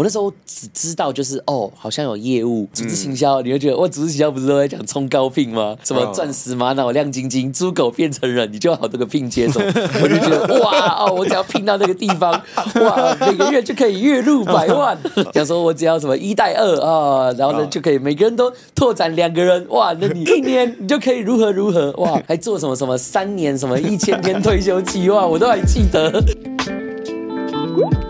我那時候只知道，就是哦，好像有業務組織行銷，嗯，你會覺得哇，組織行銷不是都在講衝高聘嗎？嗯、什麼鑽石瑪瑙亮晶晶，豬狗變成人，你就好多個聘接手， 我就覺得哇哦，我只要聘到那個地方，哇，每個月就可以月入百萬。 想說我只要什麼一帶二啊，哦，然後呢、嗯，就可以每個人都拓展兩個人，哇，那你一年你就可以如何如何哇，還做什麼什麼三年什麼一千天退休計劃，我都還記得。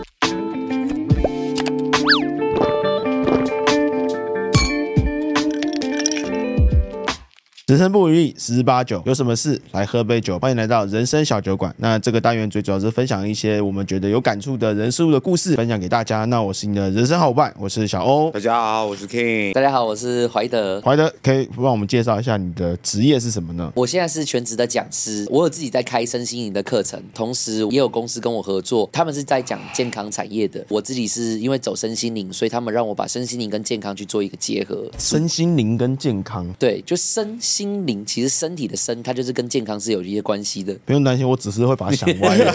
人生不如意，十之八九，有什麼事來喝杯酒。歡迎來到人生小酒館。那這個單元最主要是分享一些我們覺得有感觸的人事物的故事，分享給大家。那我是你的人生好夥伴，我是小歐。大家好，我是 King。大家好，我是懷德。懷德，可以幫我們介紹一下你的職業是什麼呢？我現在是全職的講師，我有自己在開身心靈的課程，同時也有公司跟我合作，他們是在講健康產業的。我自己是因為走身心靈，所以他們讓我把身心靈跟健康去做一個結合。身心靈跟健康，對，就身心。心靈其實身體的身，它就是跟健康是有一些關係的。不用擔心，我只是會把它想歪了。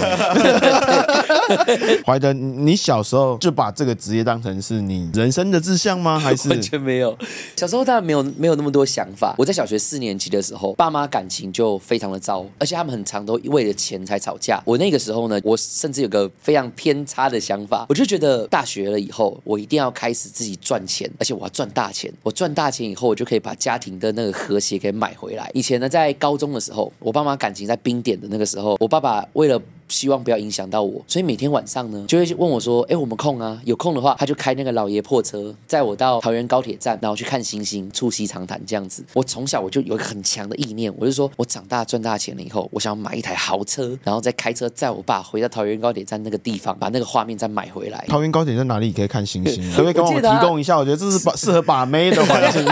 懷 德，你小時候就把這個職業當成是你人生的志向嗎？還是完全沒有？小時候當然沒有，沒有那麼多想法。我在小學四年級的時候，爸媽感情就非常的糟，而且他們很常都為了錢才吵架。我那個時候呢，我甚至有個非常偏差的想法，我就覺得大學了以後，我一定要開始自己賺錢，而且我要賺大錢。我賺大錢以後，我就可以把家庭的那個和諧給。買回來。以前呢，在高中的時候，我爸媽感情在冰點的那個時候，我爸爸為了。希望不要影響到我，所以每天晚上呢，就會問我說：“哎、欸，我們空啊？有空的話，他就開那個老爺破車載我到桃園高鐵站，然後去看星星，促膝長談這樣子。我從小我就有一個很強的意念，我就說，我長大賺大錢了以後，我想要買一台豪車，然後再開車載我爸回到桃園高鐵站那個地方，把那個畫面再買回來。桃園高鐵在哪裡？你可以看星星，可不可以跟我們提供一下。我，得我覺得這是把適合把妹的環境。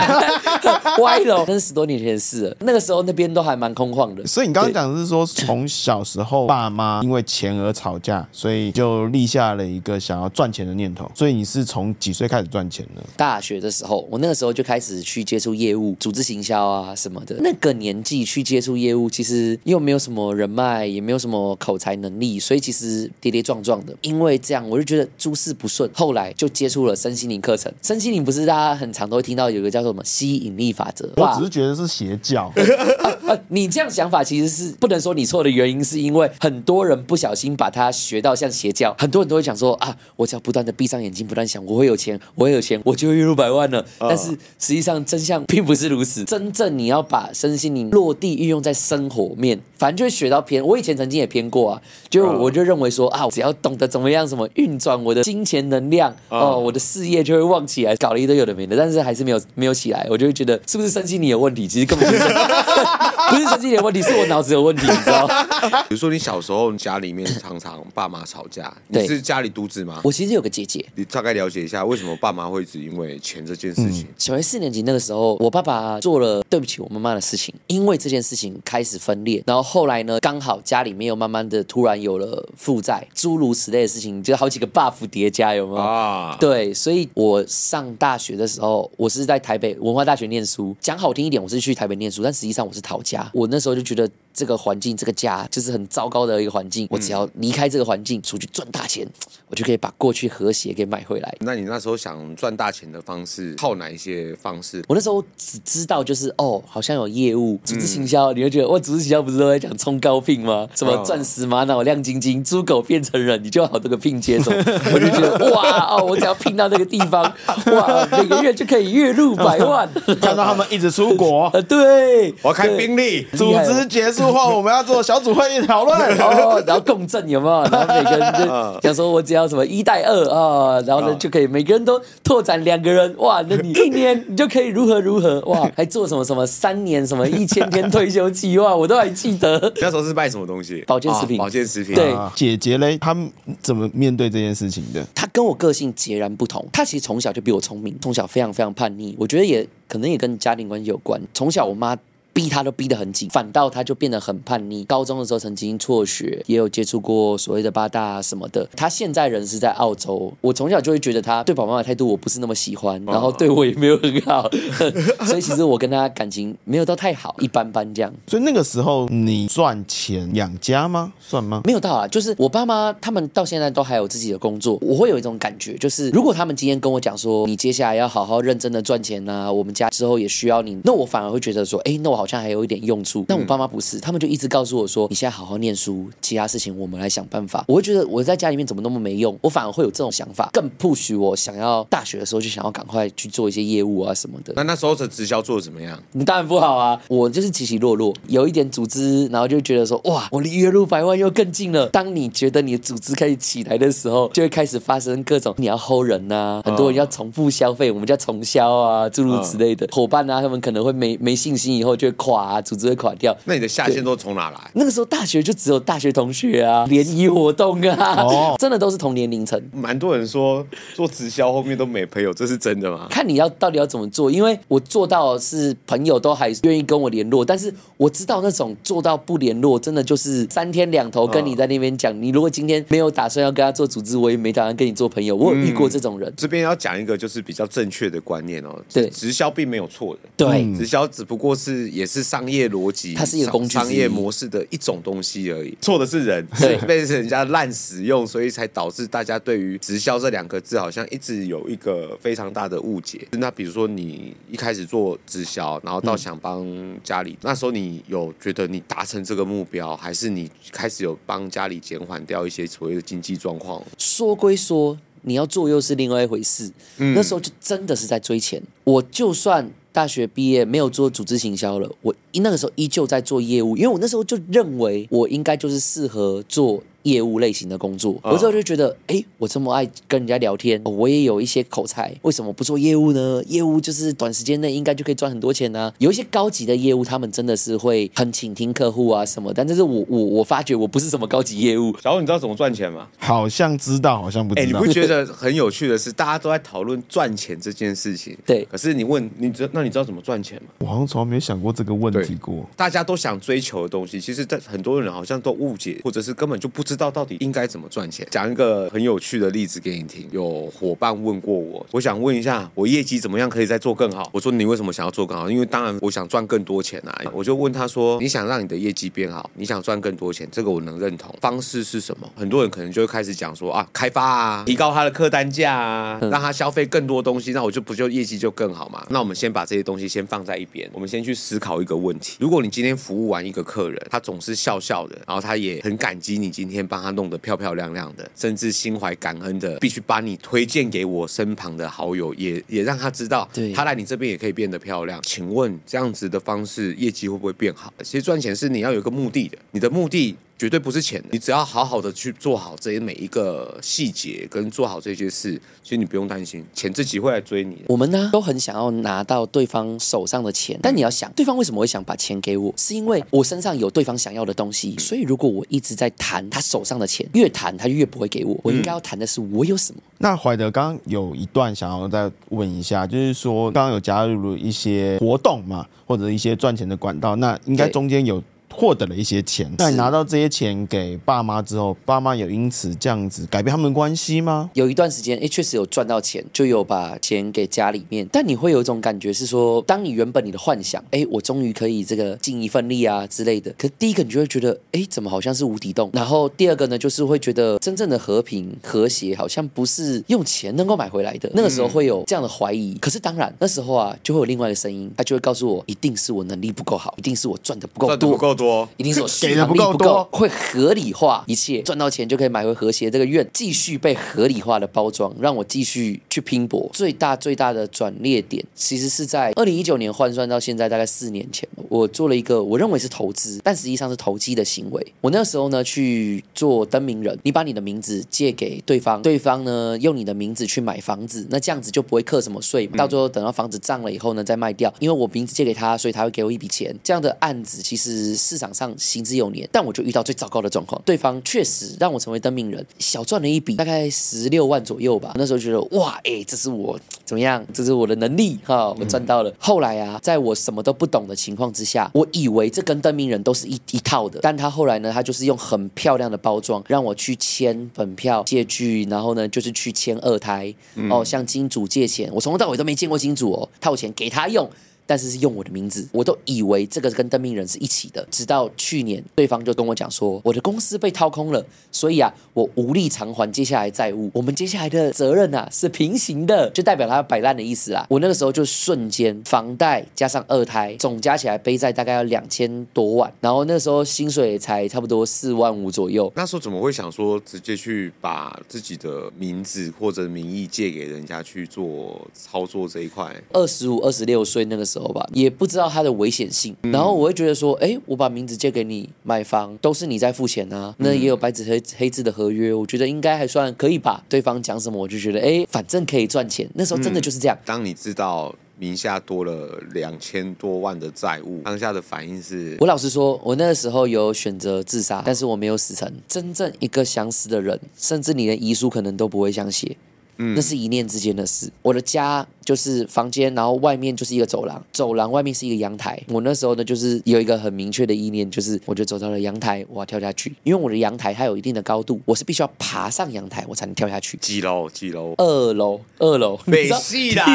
怪的，那是十多年前的事了。那個時候那邊都還蠻空曠的。所以你剛剛講的是說，從小時候爸媽。因為錢而吵架，所以就立下了一個想要賺錢的念頭。所以你是從幾歲開始賺錢呢？大學的時候，我那個時候就開始去接觸業務、組織行銷啊什麼的。那個年紀去接觸業務，其實又沒有什麼人脈，也沒有什麼口才能力，所以其實跌跌撞撞的。因為這樣，我就覺得諸事不順。後來就接觸了身心靈課程。身心靈不是大家很常都會聽到有一個叫做什麼吸引力法則？我只是覺得是邪教、 呃呃呃。你這樣想法其實是不能說你錯的原因，是因為很多人。不小心把它學到像邪教，很多人都會講說啊，我只要不斷的閉上眼睛，不斷想，我會有錢，我會有錢，我就會月入百萬了、哦。但是實際上真相並不是如此，真正你要把身心靈落地運用在生活面，反正就會學到偏。我以前曾經也偏過啊，就我就認為說、哦、啊，我只要懂得怎麼樣什麼運轉我的金錢能量哦，哦，我的事業就會旺起來，搞了一堆有的沒的，但是還是沒有沒有起來，我就會覺得是不是身心靈有問題？其實根本不是， 不是身心靈有問題，是我腦子有問題，你知道嗎？ 比如說你小時候你。家裡面常常爸媽吵架，你是家裡獨子嗎？我其實有個姐姐。你大概了解一下為什麼爸媽會只因為錢這件事情。嗯，小學四年級那個時候，我爸爸做了對不起我媽媽的事情，因為這件事情開始分裂。然後後來呢，剛好家裡面又慢慢的突然有了負債，諸如此類的事情，就好幾個 buff 疊加，有沒有？啊，對，所以我上大學的時候，我是在台北文化大學念書，講好聽一點，我是去台北念書，但實際上我是逃家。我那時候就覺得這個環境，這個家就是很糟糕的一個環境。我只要離開這個環境、嗯，出去賺大錢，我就可以把過去和諧給買回來。那你那時候想賺大錢的方式，靠哪一些方式？我那時候只知道就是哦，好像有業務組織行銷，你會覺得哇，組織行銷、嗯、不是都在講衝高聘嗎？嗯、什麼鑽石瑪瑙亮晶晶，豬、嗯、狗變成人，你就要這個聘接手。 我就覺得哇哦，我只要聘到那個地方， 哇，每個月就可以月入百萬。 看到他們一直出國，呃、對，我開賓利。組織結束後、嗯，我們要做小組會議討論。 然後共振有沒有？然後每個人就想說，我只要什麼一帶二、 嗯、啊，然後呢就可以每個人都拓展兩個人，哇，那你一年你就可以如何如何哇，還做什麼什麼三年什麼一千天退休計劃，我都還記得。那時候是賣什麼東西？保健食品，啊、保健食品。對，啊、姐姐嘞，她怎麼面對這件事情的？她跟我個性截然不同。她其實從小就比我聰明，從小非常非常叛逆。我覺得也可能也跟家庭關係有關。從小我媽。逼他都逼得很緊，反倒他就變得很叛逆。高中的時候曾經輟學，也有接觸過所謂的八大什麼的。他現在人是在澳洲。我從小就會覺得他對爸爸媽媽的態度我不是那麼喜歡，然後對我也沒有很好，哦、 所以其實我跟他感情沒有到太好，一般般這樣。所以那個時候你賺錢養家嗎？算嗎？沒有到啊，就是我爸媽他們到現在都還有自己的工作。我會有一種感覺，就是如果他們今天跟我講說，你接下來要好好認真的賺錢啊，我們家之後也需要你，那我反而會覺得說，哎、欸，那我好。好像還有一點用處，但我爸媽不是，他們就一直告訴我說：“你現在好好念書，其他事情我們來想辦法。”我會覺得我在家裡面怎麼那麼沒用，我反而會有這種想法，更 push 我想要大學的時候就想要趕快去做一些業務啊什麼的。那那時候的直銷做的怎麼樣？你當然不好啊，我就是起起落落，有一點組織，然後就覺得說：“哇，我離月入百萬又更近了。”當你覺得你的組織開始起來的時候，就會開始發生各種你要 hold 人啊，很多人要重复消費，uh. 我們叫重銷啊，諸如此類的、uh. 伙伴啊，他們可能會沒沒信心，以後就。垮、啊、組織會垮掉，那你的下線都從哪來？那個時候大學就只有大學同學啊，聯誼活動啊，哦，真的都是同年齡層。蠻多人說做直銷後面都沒朋友，這是真的嗎？看你要到底要怎麼做，因為我做到是朋友都還願意跟我聯絡，但是我知道那種做到不聯絡，真的就是三天兩頭跟你在那邊講，嗯。你如果今天沒有打算要跟他做組織，我也沒打算跟你做朋友。我有遇過這種人，嗯。這邊要講一個就是比較正確的觀念哦，對，直銷並沒有錯的，對，嗯、直銷只不過是也。也是商業邏輯，它是一個工具商，商業模式的一種東西而已。錯的是人，對，被人家濫使用， 所以才導致大家對於直銷這兩個字好像一直有一個非常大的誤解。那比如說，你一開始做直銷，然後到想幫家裡、嗯，那時候你有覺得你達成這個目標，還是你開始有幫家裡減緩掉一些所謂的經濟狀況？說歸說，你要做又是另外一回事、嗯。那時候就真的是在追錢，我就算。大學畢業沒有做組織行銷了，我一那個時候依舊在做業務，因為我那時候就認為我應該就是適合做，業務類型的工作，有時候就覺得，哎、欸，我這麼愛跟人家聊天，我也有一些口才，為什麼不做業務呢？業務就是短時間內應該就可以賺很多錢呢、啊？有一些高級的業務，他們真的是會很傾聽客戶啊什麼，但但是我我我發覺我不是什麼高級業務。小歐，你知道怎麼賺錢嗎？好像知道，好像不知道。哎、欸，你不覺得很有趣的是， 大家都在討論賺錢這件事情，對。可是你問你知那你知道怎麼賺錢嗎？我好像從來沒有想過這個問題過。大家都想追求的東西，其實在很多人好像都誤解，或者是根本就不知。知道到底應該怎麼賺錢？講一個很有趣的例子給你聽。有伙伴問過我，我想問一下，我業績怎麼樣可以再做更好？我說你為什麼想要做更好？因為當然我想賺更多錢啊！我就問他說：“你想讓你的業績變好，你想賺更多錢，這個我能認同。方式是什麼？很多人可能就會開始講說啊，開發啊，提高他的客單價啊，讓他消費更多東西，那我就不就業績就更好嘛？那我們先把這些東西先放在一邊，我們先去思考一個問題：如果你今天服務完一個客人，他總是笑笑的，然後他也很感激你今天，幫他弄得漂漂亮亮的，甚至心懷感恩的，必須把你推薦給我身旁的好友，也也讓他知道對，他來你這邊也可以變得漂亮。請問這樣子的方式業績會不會變好？其實賺錢是你要有個目的的，你的目的。絕對不是錢的，你只要好好的去做好這些每一個細節，跟做好這些事，其實你不用擔心錢自己會來追你。我們呢、啊，都很想要拿到對方手上的錢，但你要想，對方為什麼會想把錢給我？是因為我身上有對方想要的東西。所以如果我一直在談他手上的錢，越談他就越不會給我。我應該要談的是我有什麼？嗯。那懷德，剛剛有一段想要再問一下，就是說剛剛有加入一些活動嘛，或者一些賺錢的管道，那應該中間有。獲得了一些錢，但你拿到這些錢給爸媽之後，爸媽有因此這樣子改變他們的關係嗎？有一段時間，哎、欸，確實有賺到錢，就有把錢給家裡面。但你會有一種感覺是說，當你原本你的幻想，哎、欸，我終於可以這個盡一份力啊之類的。可第一個你就會覺得，哎、欸，怎麼好像是無底洞？然後第二個呢，就是會覺得真正的和平和諧好像不是用錢能夠買回來的。那個時候會有這樣的懷疑、嗯。可是當然，那時候啊，就會有另外一個聲音，他就會告訴我，一定是我能力不夠好，一定是我賺的不夠多。一定是給的不夠多，會合理化一切，賺到錢就可以買回和諧這個願，繼續被合理化的包裝，讓我繼續去拼搏。最大最大的轉捩點，其實是在二零一九年換算到現在，大概四年前，我做了一個我認為是投資，但實際上是投機的行為。我那時候呢去做登名人，你把你的名字借給對方，對方呢用你的名字去買房子，那這樣子就不會扣什麼稅嘛。到最後等到房子漲了以後呢，再賣掉，因為我名字借給他，所以他會給我一筆錢。這樣的案子其實是市場上行之有年，但我就遇到最糟糕的狀況。對方確實讓我成為登名人，小賺了一筆，大概十六萬左右吧。那時候覺得哇，誒，這是我怎麼樣？這是我的能力哈、哦，我賺到了、嗯。後來啊，在我什麼都不懂的情況之下，我以為這跟登名人都是一一套的。但他後來呢，他就是用很漂亮的包裝讓我去簽本票借據，然後呢，就是去簽二胎、嗯、哦，向金主借錢。我從頭到尾都沒見過金主哦，套錢給他用。但是是用我的名字，我都以為這個跟登名人是一起的。直到去年，對方就跟我講說，我的公司被掏空了，所以啊，我無力償還接下來債務。我們接下來的責任啊是平行的，就代表他擺爛的意思啊。我那個時候就瞬間房貸加上二胎，總加起來背債大概要兩千多萬。然後那時候薪水才差不多四萬五左右。那時候怎麼會想說直接去把自己的名字或者名義借給人家去做操作這一塊？二十五、二十六歲那個時候。時候吧，也不知道他的危險性、嗯，然後我會覺得說，誒，我把名字借給你，買房都是你在付錢啊，嗯、那也有白紙黑黑字的合約，我覺得應該還算可以吧。對方講什麼，我就覺得，誒，反正可以賺錢。那時候真的就是這樣。嗯、當你知道名下多了兩千多萬的債務，當下的反應是，我老實說，我那個時候有選擇自殺，但是我沒有死成。真正一個想死的人，甚至你連遺書可能都不會想寫。嗯，那是一念之間的事。我的家就是房間，然後外面就是一個走廊，走廊外面是一個陽台。我那時候呢，就是有一個很明確的意念，就是我就走到了陽台，我要跳下去。因為我的陽台它有一定的高度，我是必須要爬上陽台，我才能跳下去。幾樓？幾樓？二樓。二樓。沒戲啦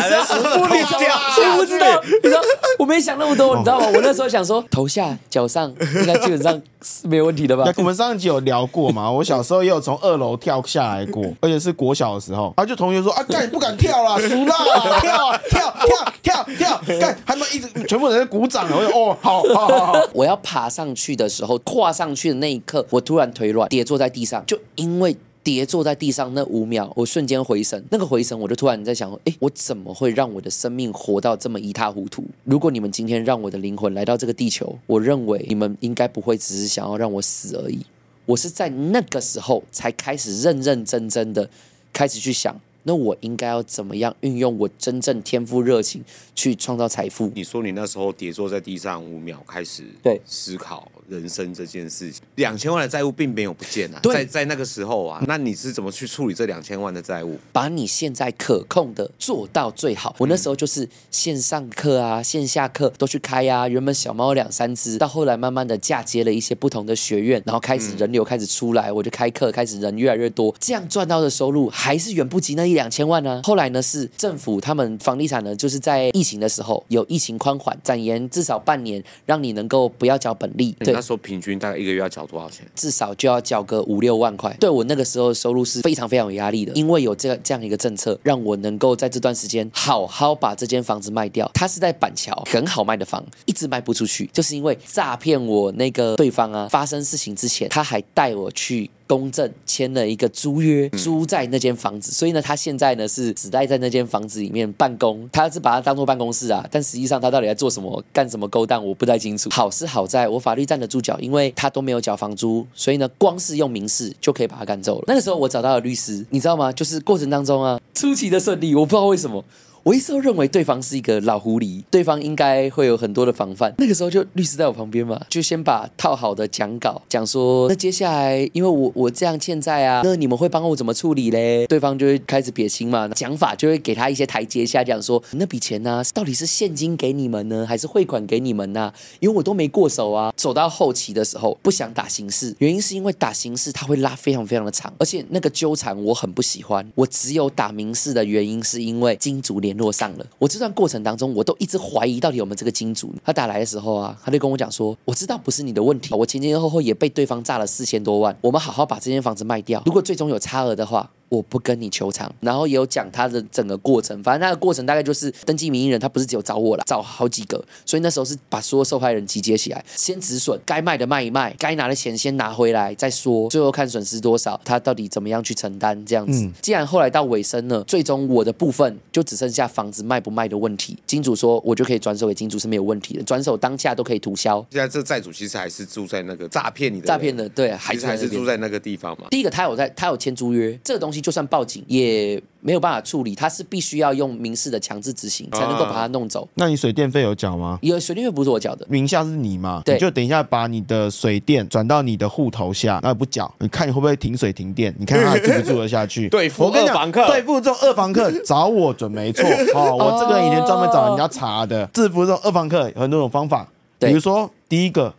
你知道？你知道我沒想那麼多，你知道嗎？我那時候想說，頭下腳上應該基本上是沒有問題的吧。我們上一集有聊過嘛？我小時候也有從二樓跳下來過，而且是國小的時候。他就同學說：“啊，幹你不敢跳了，輸了，跳跳跳跳跳，幹！”他一直全部人在鼓掌。我說：“哦，好好好。”我要爬上去的時候，跨上去的那一刻，我突然腿軟，跌坐在地上，就因為。跌坐在地上那五秒，我瞬間回神，那個回神，我就突然在想，誒，我怎麼會讓我的生命活到這麼一塌糊塗？如果你們今天讓我的靈魂來到這個地球，我認為你們應該不會只是想要讓我死而已。我是在那個時候才開始認認真真的開始去想。那我應該要怎麼樣運用我真正天賦熱情去創造財富？你說你那時候跌坐在地上五秒，開始對思考人生這件事情。兩千萬的債務並沒有不見啊，對，在在那個時候啊，那你是怎麼去處理這兩千萬的債務？把你現在可控的做到最好。我那時候就是線上課啊，線下課都去開呀、啊。原本小貓兩三隻，到後來慢慢的嫁接了一些不同的學院，然後開始人流、嗯、開始出來，我就開課，開始人越來越多，這樣賺到的收入還是遠不及那、一兩千萬呢、啊？後來呢？是政府他們房地產呢，就是在疫情的時候有疫情寬緩，展延至少半年，讓你能夠不要繳本利。對，那時候平均大概一個月要繳多少錢？至少就要繳個五六萬塊。對，我那個時候收入是非常非常有壓力的，因為有這這樣一個政策，讓我能夠在這段時間好好把這間房子賣掉。它是在板橋很好賣的房，一直賣不出去，就是因為詐騙我那個對方啊，發生事情之前他還帶我去。公證簽了一個租約，租在那間房子。嗯，所以呢，他現在呢是只待在那間房子裡面辦公。他是把它當做辦公室啊，但實際上他到底在做什麼、幹什麼勾當，我不太清楚。好是好在，在我法律站得住腳，因為他都沒有繳房租，所以呢，光是用民事就可以把他趕走了。那個時候我找到了律師，你知道嗎？就是過程當中啊，出奇的順利，我不知道為什麼。我一直都認為對方是一個老狐狸，對方應該會有很多的防範。那個時候就律師在我旁邊嘛，就先把套好的講稿講說，那接下來因為我我這樣欠債啊，那你們會幫我怎麼處理嘞？對方就會開始撇清嘛，講法就會給他一些台階下，講說那筆錢呢、啊，到底是現金給你們呢，還是匯款給你們呢、啊？因為我都沒過手啊。走到後期的時候不想打刑事，原因是因為打刑事他會拉非常非常的長，而且那個糾纏我很不喜歡。我只有打民事的原因是因為金主鏈聯絡上了，我這段過程當中，我都一直懷疑到底有沒有這個金主。他打來的時候啊，他就跟我講說，我知道不是你的問題，我前前後後也被對方詐了四千多萬，我們好好把這間房子賣掉，如果最終有差額的話。我不跟你求償，然後也有講他的整個過程，反正那個過程大概就是登記名義人，他不是只有找我了，找好幾個，所以那時候是把所有受害人集結起來，先止損，該賣的賣一賣，該拿的錢先拿回來再說，最後看損失多少，他到底怎麼樣去承擔這樣子。嗯。既然後來到尾聲了，最終我的部分就只剩下房子賣不賣的問題。金主說我就可以轉手給金主是沒有問題的，轉手當下都可以塗銷。現在這債主其實還是住在那個詐騙你的詐騙的，對啊，還是還是住在那個地方嘛。第一個他有在，他有簽租約這個東西。就算報警也沒有辦法處理，他是必須要用民事的強制執行，啊、才能夠把他弄走。那你水電費有繳嗎？有，水電費不是我繳的，名下是你嘛？對。你就等一下把你的水電轉到你的戶頭下，那不繳，你看你會不會停水停電？ 你看他住不住得下去？ 對，二房客對付這種二房客找我準沒錯。 哦，我這個以前專門找人家查的，制服這種二房客有很多種方法。對，比如說第一個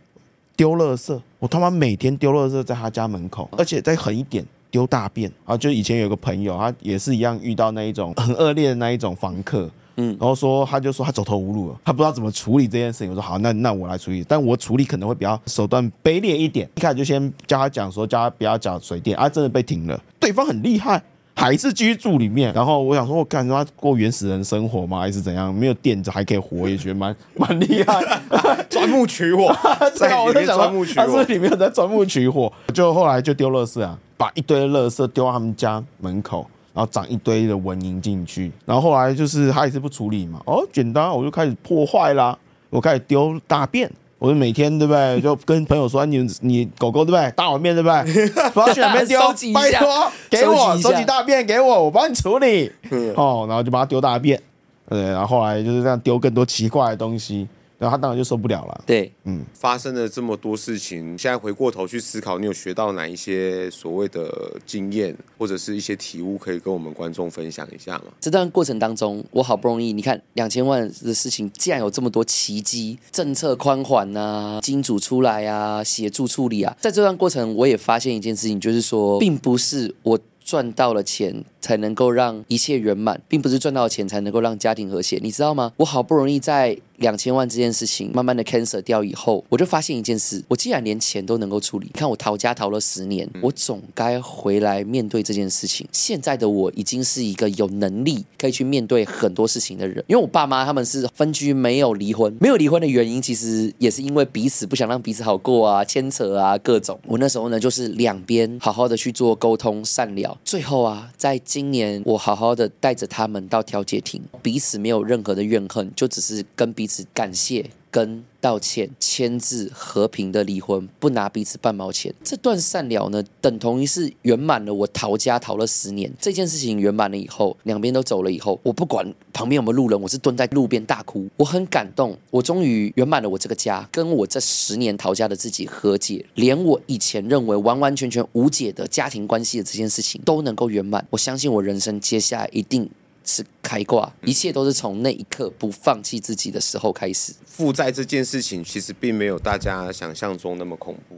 丟垃圾，我他媽每天丟垃圾在他家門口，而且再狠一點。丟大便啊！就以前有個朋友，他也是一樣遇到那一種很惡劣的那一種房客，嗯，然後說他就說他走投無路了，他不知道怎麼處理這件事情。我說好，那那我來處理，但我處理可能會比較手段卑劣一點。一開始就先教他講說，叫他不要繳水電啊，真的被停了。對方很厲害，還是繼續住裡面。然後我想說，我、哦、看他過原始人生活嗎？還是怎樣？沒有電子還可以活， 也覺得蠻蠻厲害。鑽 木取火， 對啊，我就想說，他說裡面在鑽木取火，我火 就後來就丟樂事啊。把一堆的垃圾丟到他們家門口，然後長一堆的蚊蠅進去，然後後來就是他也是不處理嘛。哦，簡單，我就開始破壞了，我開始丟大便，我就每天對不對，就跟朋友說， 你你狗狗對不對，大碗麵對不對，不要去那邊丟， 拜託，給我收集，收集大便給我，我幫你處理，嗯，哦，然後就把它丟大便，對，然後後來就是這樣丟更多奇怪的東西。然後他當然就受不了了。對，嗯，發生了這麼多事情，現在回過頭去思考，你有學到哪一些所謂的經驗，或者是一些體悟，可以跟我們觀眾分享一下嗎？這段過程當中，我好不容易，你看兩千萬的事情，竟然有這麼多奇蹟，政策寬緩啊，金主出來啊，協助處理啊，在這段過程，我也發現一件事情，就是說，並不是我賺到了錢。才能夠讓一切圓滿，並不是賺到錢才能夠讓家庭和諧，你知道嗎？我好不容易在兩千萬這件事情慢慢的 cancel 掉以後，我就發現一件事，我既然連錢都能夠處理，你看我逃家逃了十年，我總該回來面對這件事情。現在的我已經是一個有能力可以去面對很多事情的人，因為我爸媽他們是分居，沒有離婚，沒有離婚的原因其實也是因為彼此不想讓彼此好過啊，牽扯啊各種。我那時候呢，就是兩邊好好的去做溝通，善了。最後啊，在今年我好好的帶着他們到調解庭，彼此沒有任何的怨恨，就只是跟彼此感謝，跟道歉、簽字、和平的離婚，不拿彼此半毛錢，這段善了呢，等同於是圓滿了我逃家逃了十年這件事情圓滿了以後，兩邊都走了以後，我不管旁邊有沒有路人，我是蹲在路邊大哭，我很感動，我終於圓滿了我這個家，跟我這十年逃家的自己和解，連我以前認為完完全全無解的家庭關係的這件事情都能夠圓滿，我相信我人生接下來一定。是開掛，一切都是從那一刻不放棄自己的時候開始。嗯。負債這件事情其實並沒有大家想象中那麼恐怖。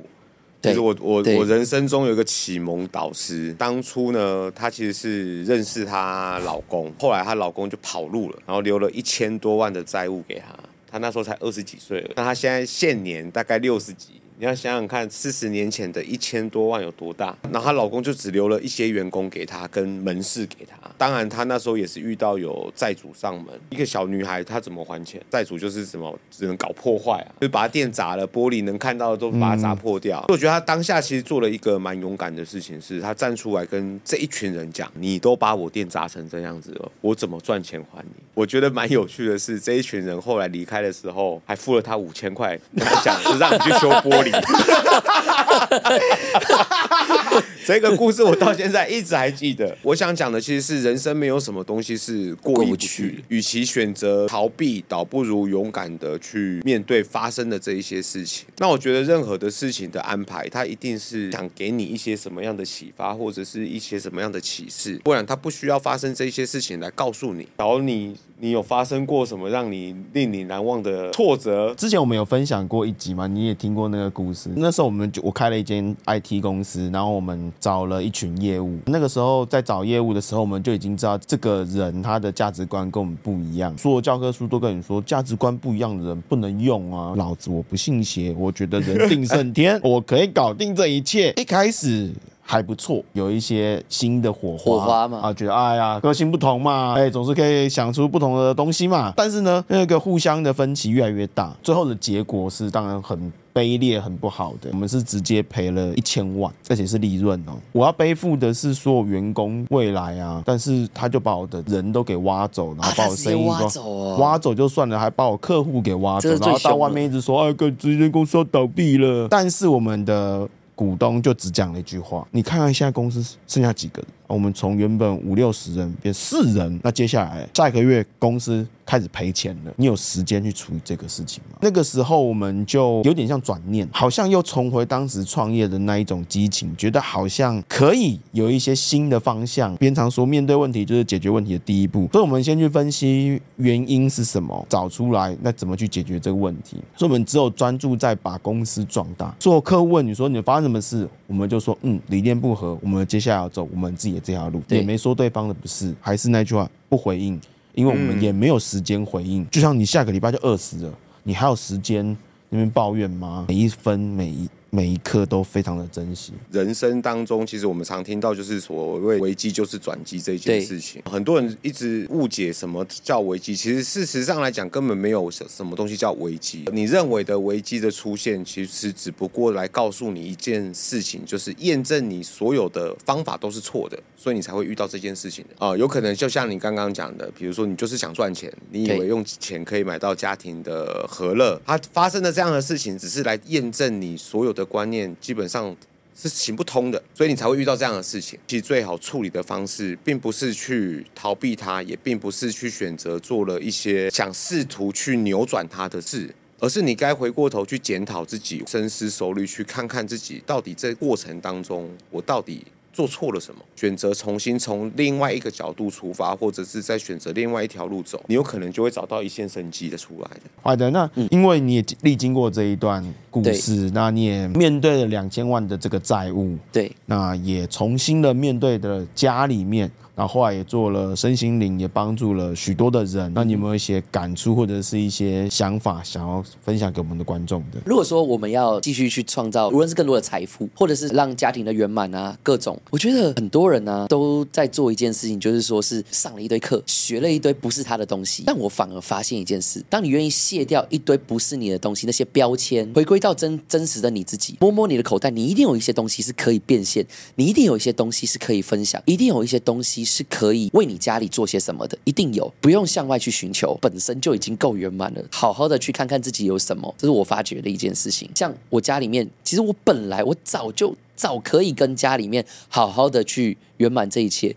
就是我我我人生中有一個啟蒙導師，當初呢，他其實是認識他老公，後來她老公就跑路了，然後留了一千多萬的債務給她，她那時候才二十幾歲了，那她現在現年大概六十幾。你要想想看，四十年前的一千多萬有多大？然後，她老公就只留了一些員工給她，跟門市給她。當然，她那時候也是遇到有債主上門，一個小女孩，她怎麼還錢？債主就是什麼，只能搞破壞啊，就把她店砸了，玻璃能看到的都把它砸破掉。嗯、我覺得她當下其實做了一個蠻勇敢的事情是，是她站出來跟這一群人講：“你都把我店砸成這樣子了，我怎麼賺錢還你？”我覺得蠻有趣的是，這一群人後來離開的時候，還付了他五千塊，他講是讓你去修玻璃。 哈哈哈，這個故事我到現在一直還記得。我想講的其實是，人生沒有什麼東西是過不去，與其選擇逃避，倒不如勇敢的去面對發生的這一些事情。那我覺得任何的事情的安排，它一定是想給你一些什麼樣的啟發，或者是一些什麼樣的啟示，不然它不需要發生這些事情來告訴你，找你，你有發生過什麼讓你令你難忘的挫折？之前我們有分享過一集嗎？你也聽過那個故事？那時候我們就我看。開了一間 IT 公司，然後我們找了一群業務。那個時候在找業務的時候，我們就已經知道這個人他的價值觀跟我們不一樣。所有教科書都跟你說，價值觀不一樣的人不能用啊！老子我不信邪，我覺得人定勝天， 我可以搞定這一切。一開始還不錯，有一些新的火花，火花嘛啊，覺得哎呀，個性不同嘛，哎，總是可以想出不同的東西嘛。但是呢，那個互相的分歧越來越大，最後的結果是當然很。卑劣很不好的，我們是直接賠了一千萬，而且是利潤哦。我要背負的是所有員工未來啊，但是他就把我的人都給挖走，然後把我的生意、啊、挖走、哦，挖走就算了，還把我客戶給挖走，然後到外面一直說啊，直、哎、接公司要倒閉了。但是我們的股東就只講了一句話，你看看現在公司剩下幾個人。我們從原本五六十人變四人，那接下來下一個月公司開始賠錢了，你有時間去處理這個事情嗎？那個時候我們就有點像轉念，好像又重回當時創業的那一種激情，覺得好像可以有一些新的方向。平常說面對問題就是解決問題的第一步，所以我們先去分析原因是什麼，找出來那怎麼去解決這個問題。所以我們只有專注在把公司壯大。做客戶問你說你發生什麼事，我們就說嗯理念不合，我們接下來要走我們自己。這條路也沒說對方的不是，還是那句話，不回應，因為我們也沒有時間回應。就像你下個禮拜就餓死了，你還有時間那邊抱怨嗎？每一分每一。每一刻都非常的珍惜。人生當中，其實我們常聽到就是所謂危機就是轉機這件事情。很多人一直誤解什麼叫危機，其實事實上來講，根本沒有什什麼東西叫危機。你認為的危機的出現，其實只不過來告訴你一件事情，就是驗證你所有的方法都是錯的，所以你才會遇到這件事情的啊、呃。有可能就像你剛剛講的，比如說你就是想賺錢，你以為用錢可以買到家庭的和樂，它發生的這樣的事情，只是來驗證你所有的。觀念基本上是行不通的，所以你才會遇到這樣的事情。其實最好處理的方式，並不是去逃避它，也並不是去選擇做了一些想試圖去扭轉它的事，而是你該回過頭去檢討自己，深思熟慮，去看看自己到底這過程當中，我到底。做錯了什麼？選擇重新從另外一個角度出發，或者是再選擇另外一條路走，你有可能就會找到一線生機的出來的。好的，那因為你也歷經過這一段故事，那你也面對了兩千萬的這個債務，對，那也重新的面對的家裡面。然後後來也做了身心靈，也幫助了許多的人。那你有沒有一些感觸或者是一些想法想要分享給我們的觀眾的？如果說我們要繼續去創造，無論是更多的財富，或者是讓家庭的圓滿啊，各種，我覺得很多人呢，啊，都在做一件事情，就是說是上了一堆課，學了一堆不是他的東西。但我反而發現一件事，當你願意卸掉一堆不是你的東西，那些標籤，回歸到真真實的你自己，摸摸你的口袋，你一定有一些東西是可以變現，你一定有一些東西是可以分享，一定有一些東西。是可以為你家裡做些什麼的一定有，不用向外去尋求，本身就已經夠圓滿了。好好的去看看自己有什麼，這是我發覺的一件事情。像我家裡面，其實我本來我早就早可以跟家裡面好好的去圓滿這一切，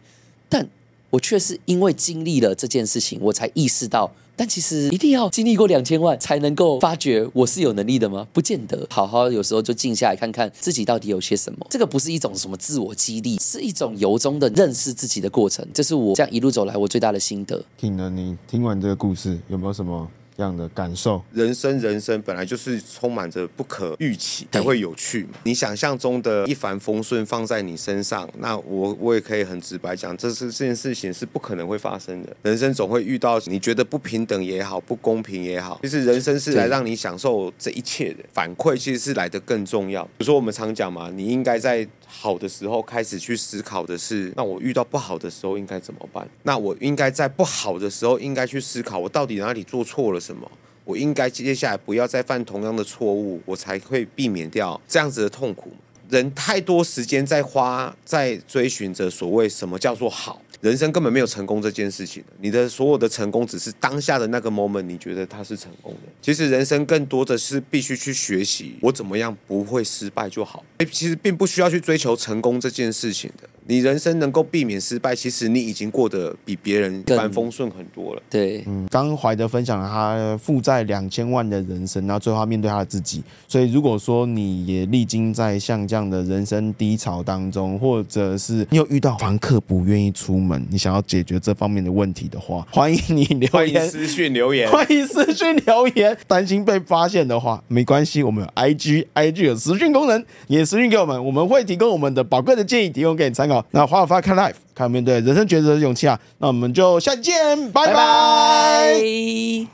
但我卻是因為經歷了這件事情，我才意識到。但其實一定要經歷過兩千萬才能夠發覺我是有能力的嗎？不見得。好好有時候就靜下來看看自己到底有些什麼。這個不是一種什麼自我激勵，是一種由衷的認識自己的過程。這是我這樣一路走來我最大的心得。聽了你聽完這個故事有沒有什麼？這樣的感受，人生，人生本來就是充滿着不可預期，才會有趣。你想象中的一帆風順放在你身上，那我我也可以很直白講，這是這件事情是不可能會發生的。人生總會遇到你覺得不平等也好，不公平也好，就是人生是來讓你享受這一切的反饋，其實是來得更重要。比如說我們常講嘛，你應該在好的時候開始去思考的是，那我遇到不好的時候應該怎麼辦？那我應該在不好的時候應該去思考，我到底哪裡做錯了？什麼？我應該接下來不要再犯同樣的錯誤，我才會避免掉這樣子的痛苦。人太多時間在花在追尋着所謂什麼叫做好人生，根本沒有成功這件事情的。你的所有的成功，只是當下的那個 moment 你覺得它是成功的。其實人生更多的是必須去學習，我怎麼樣不會失敗就好。其實並不需要去追求成功這件事情的。你人生能夠避免失敗，其實你已經過得比別人一帆風順很多了。嗯。對，嗯，剛懷德分享了他負債兩千萬的人生，然後最後他面對他的自己。所以，如果說你也歷經在像這樣的人生低潮當中，或者是你有遇到房客不願意出門，你想要解決這方面的問題的話，歡迎你留言，歡迎私訊留言，歡迎私訊留言。擔 心被發現的話，沒關係，我們有 I G I G 有私訊功能，也私訊給我們，我們會提供我們的寶貴的建議，提供給你參考。好，那花有花看，life 看面對人生抉擇的勇氣啊！那我們就下期見，拜拜。Bye bye